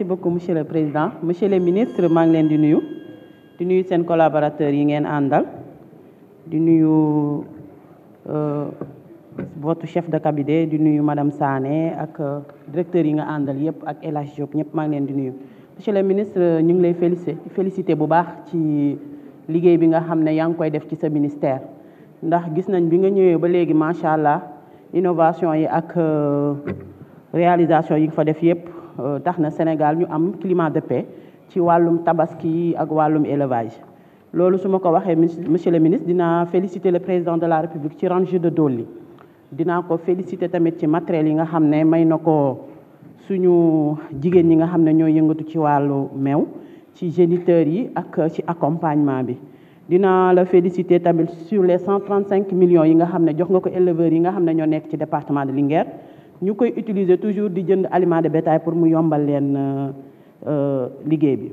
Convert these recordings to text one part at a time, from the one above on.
merci beaucoup monsieur le président monsieur le ministre maa ngi leen di nuyu di nuyu andal. collaborateurs yi di nuyu euh, votre chef de cabinet di nuyu madame Sané ak euh, directeur yi nga àndal yëpp ak El Hadj Diop ñëpp maa di nuyu monsieur le ministre ñu ngi lay félicité félicité bu baax ci liggéey bi nga xam koy def ci sa ministère ndax gis nañ bi nga ñëwee ba léegi macha innovation yi ak euh, réalisation yi nga fa def euh, tax na Sénégal ñu am climat de paix ci walum tabaski ak walum élevage lolu suma ko waxee monsieur le ministre dina féliciter le président de la république ci range de Dolly dina ko féliciter tamit ci matériel yi nga xamné may nako suñu jigen ñi nga xamné ñoy yëngatu ci walu mew ci géniteurs yi ak ci accompagnement bi dina la féliciter tamit sur les 135 millions yi nga xamné jox nga ko éleveur yi nga xamné ñoo nekk ci département de Linguère ñu koy utiliser toujours di jënd aliment de bétail pour mu yombal leen euh, euh, liggéey bi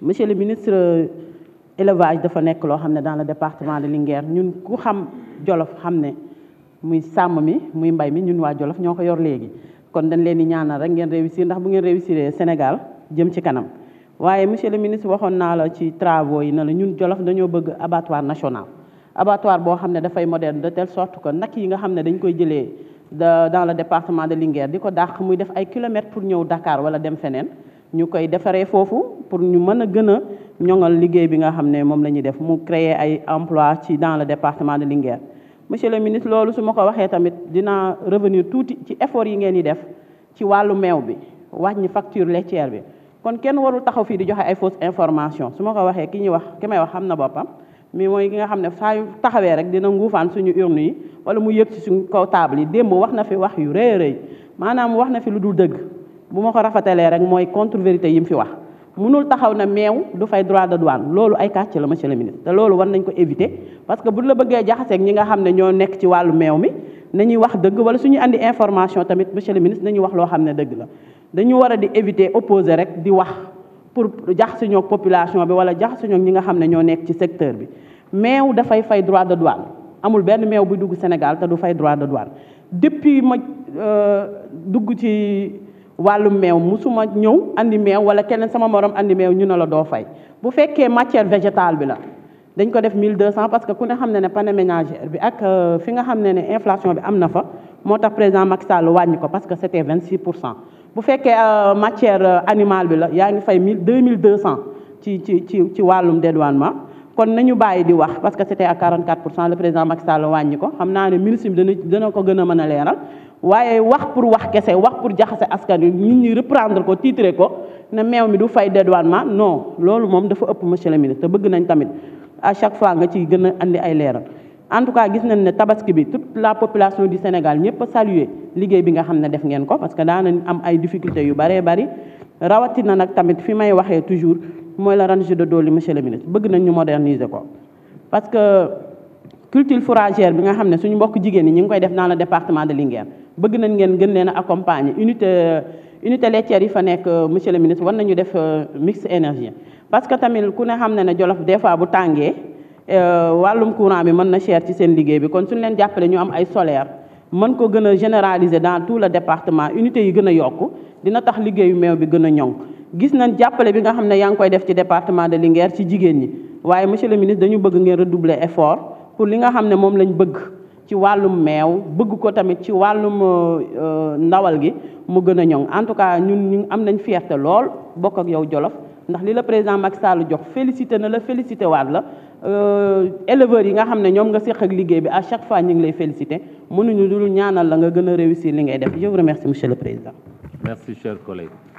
monsieur le ministre élevage dafa nekk loo xam ne dans le département de Linguer ñun ku xam Jolof xam ne muy sàmm mi muy mbay mi ñun waa Jolof ñoo ko yor léegi kon dañ leen di ñaanal rek ngeen réussir ndax bu ngeen réussir Sénégal jëm ci kanam waaye monsieur le ministre waxoon naa la ci travaux yi na la ñun Jolof dañoo bëgg abattoir national abattoir boo xam ne dafay moderne de telle sorte que nag yi nga xam ne dañ koy jëlee dans le département de Linguère di ko dàq muy def ay kilomètres pour ñëw Dakar wala dem feneen ñu koy defaree foofu pour ñu mën a gën a bi nga xamné mom lañuy def mu créer ay emplois ci dans le département de Linguère monsieur le ministre lolu su ma ko waxee tamit dina revenir tuuti ci effort yi ngeen di def ci walu mew bi wàññi facture laitière bi kon kenn warul taxaw fi di joxe ay fausse information su ma ko waxee ki ñi wax ki wax xam bopam mais je nga ne saa rek dina suñu urne yi wala mu ci suñu si yi wax na fi wax yu wax na fi lu dul bu ma rek contre vérité fi wax na droit de douane loolu ay kàcc la monsieur le ministre ko éviter parce que bu la ñi ne ci mi wax dëgg wala suñu andi information tamit monsieur le ministre nañuy wax la éviter opposer di wax pour jax suñoo population bi wala jax suñoo ñi nga xam ne ñoo ci secteur bi meew da fay fay droit de douane amul ben meew bu dugg Sénégal te du fay droit de douane depuis ma euh dugg ci walu meew musuma ñew andi meew wala kenen sama morom andi meew ñu na la do fay bu fekkee matière végétale bi la dañ ko def 1200 parce que ku ne xam ne ne ménagère bi ak euh, fi nga xamné né inflation bi amna fa motax président Macky Sall wañ ko parce que c'était 26 bu fekke euh, matière euh, animale bi la yaa ngi fay 2200 ci ci ci ci wàllum dédouanement kon nañu bàyyi di wax parce que c'était à 44 le président Macky Sall wàññi ko xam naa ne ministre dana dana ko gëna mëna mën a wax pour wax kessé wax pour jaxase askan nit ñi reprendre ko titrer ko ne meew mi du fay dédouanement non loolu moom dafa ëpp monsieur le ministre te bëgg nañ tamit à chaque fois nga ci gëna andi ay leeral en tout cas gis nañ ne tabaski bi toute la population du Sénégal ñëpp a salué liggéey bi nga xam ne def ngeen ko parce que daanañ am ay difficultés yu bëree bëri rawatina nag tamit fi may waxee toujours mooy la range de Doli monsieur le ministre bëgg nañ ñu moderniser ko. parce que culture fourragère bi nga xam ne suñu mbokk jigéen ñi ñu koy def dans le département de Linguère bëgg nañ ngeen gën leen a accompagner unité unité laitière yi fa nekk euh, monsieur le ministre war nañu def euh, mix énergie parce que tamit ku ne xam ne ne Jolof des fois bu tàngee. Euh, wàllum courant bi mën na cher ci seen liggéey bi kon suñu leen jàppale ñu am ay solaire mën ko gën a généraliser dans tout le département unité yi gën a yokk dina tax liggéeyu meew bi gën a ñoŋ gis nañ jàppale bi nga xam ne yaa ngi koy def ci département de Linguère ci jigéen ñi waaye monsieur le ministre dañu bëgg ngeen redoubler effort pour li nga xam ne moom lañ bëgg ci wàllum meew bëgg ko tamit ci wàllum euh, ndawal gi mu gën a ñoŋ en tout cas ñun ñu am nañ fierté lool bokk ak yow Jolof ndax li le président Macky Sall jox félicité na la félicité waat la euh, éleveurs yi nga xam ne ñoom nga seq ak liggéey bi à chaque fois ñu ngi lay félicité mënuñu dul ñaanal la nga gën a réussir li ngay def je vous remercie monsieur le président. merci cher collègue.